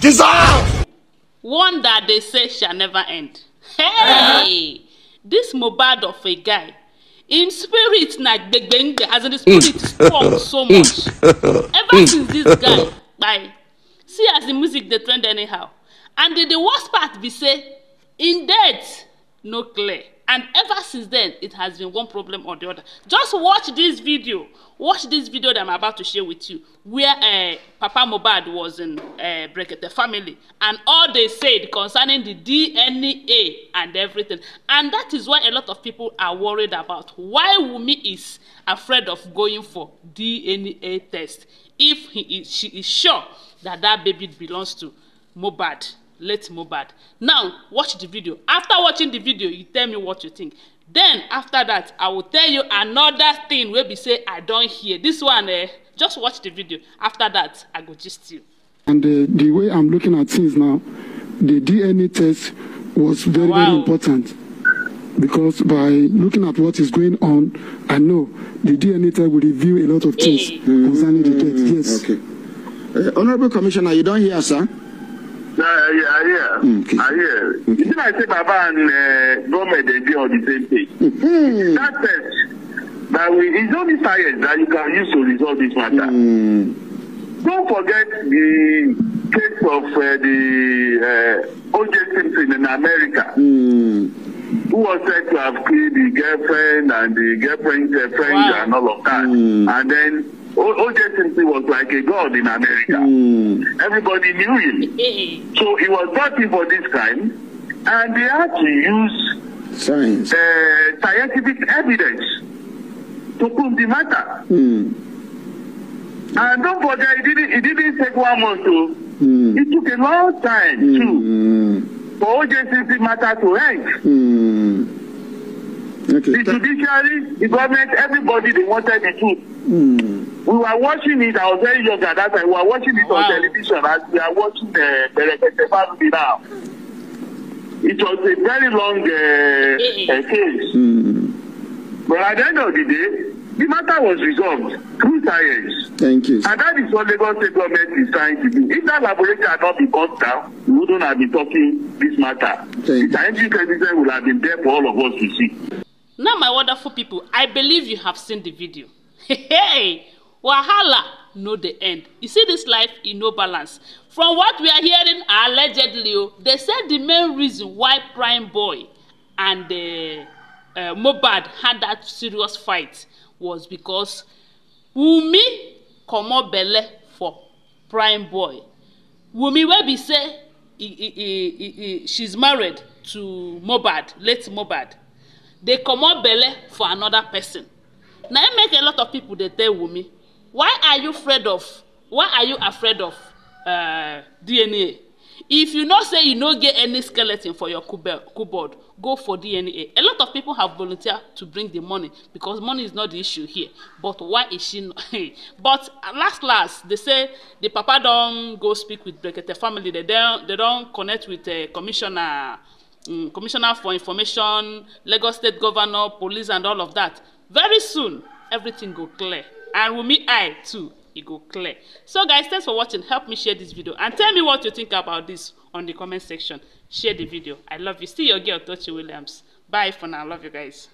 deserve. One that they say shall never end. Hey! Uh-huh. This mobad of a guy, in spirit like gbegbe as in the mm. spirit strong so mm. much. Ever mm. since this guy kpai, see as the music dey trend anyhow. And the, the worst part be say, in death no clear. And ever since then, it has been one problem or the other. Just watch this video. Watch this video that I'm about to share with you, where uh, Papa Mobad was in uh, the family, and all they said concerning the DNA and everything. And that is why a lot of people are worried about why Wumi is afraid of going for DNA test if he is, she is sure that that baby belongs to Mobad late Mohbad now watch the video after watching the video you tell me what you think then after that i will tell you another thing wey be say i don hear this one eh just watch the video after that i go gist you. and the, eh, the way i'm looking at things now the dna test was very wow. very important because by looking at what is going on i know the dna test will reveal a lot of things eh. concerning mm -hmm. the death yes. Mm-hmm. okay. Uh, eh, honourable commissioner you don hear sir. I hear. Okay. I hear. Okay. You know, I say Baba and uh, government, on the same page. Mm-hmm. That test, that we, it's only science that you can use to resolve this matter. Mm. Don't forget the case of uh, the uh, eh, O.J. Simpson in America. Mm who was said to have killed the girlfriend and the girlfriend's girlfriend eh, wow. and all of that. Mm. And then OJ simply was like a god in America. Mm. Everybody knew him. So he was brought for this crime, and they had to use science, uh, scientific evidence to prove the matter. Mm. And don't forget, it didn't, it didn't take one month to. Mm. It took a long time mm. too for OJ simply matter to end. Mm. Okay. The judiciary, the government, everybody, they wanted the truth. We were watching it. I was very young at that time. We were watching it wow. on television as we are watching the eh, Berekete family now. It was a very long uh, uh, case. Mm. But at the end of the day, the matter was resolved through science. Thank you. And that is what Lagos State government is trying to do. If that laboratory had not been burnt down, we wouldn't have been talking this matter. Thank the you. scientific evidence would have been there for all of us to see. Now, my wonderful people, I believe you have seen the video hey wahala no dey end you see this life e no balance from what we are hearing allegedly o oh, they said the main reason why prime boy and uh, uh, mohbad had that serious fight was because wunmi comot belle for prime boy wunmi wey be say e e e she's married to mohbad late They come up belle for another person na im make a lot of people dey tell wunmi why are you afraid of why are you afraid of uh, dna if you know say you no get any skeleton for your cupboard go for dna a lot of people have volunteer to bring the money because money is not the issue here but why is she not but last last they say the papa don go speak with brekete family they don they don connect with uh, commissioner um, commissioner for information lagos state governor police and all of that very soon everything go clear and wunmi eye too e go clear so guys thanks for watching help me share this video and tell me what you think about this on the comment section share the video i love you See your girl tochi williams bye for now love you guys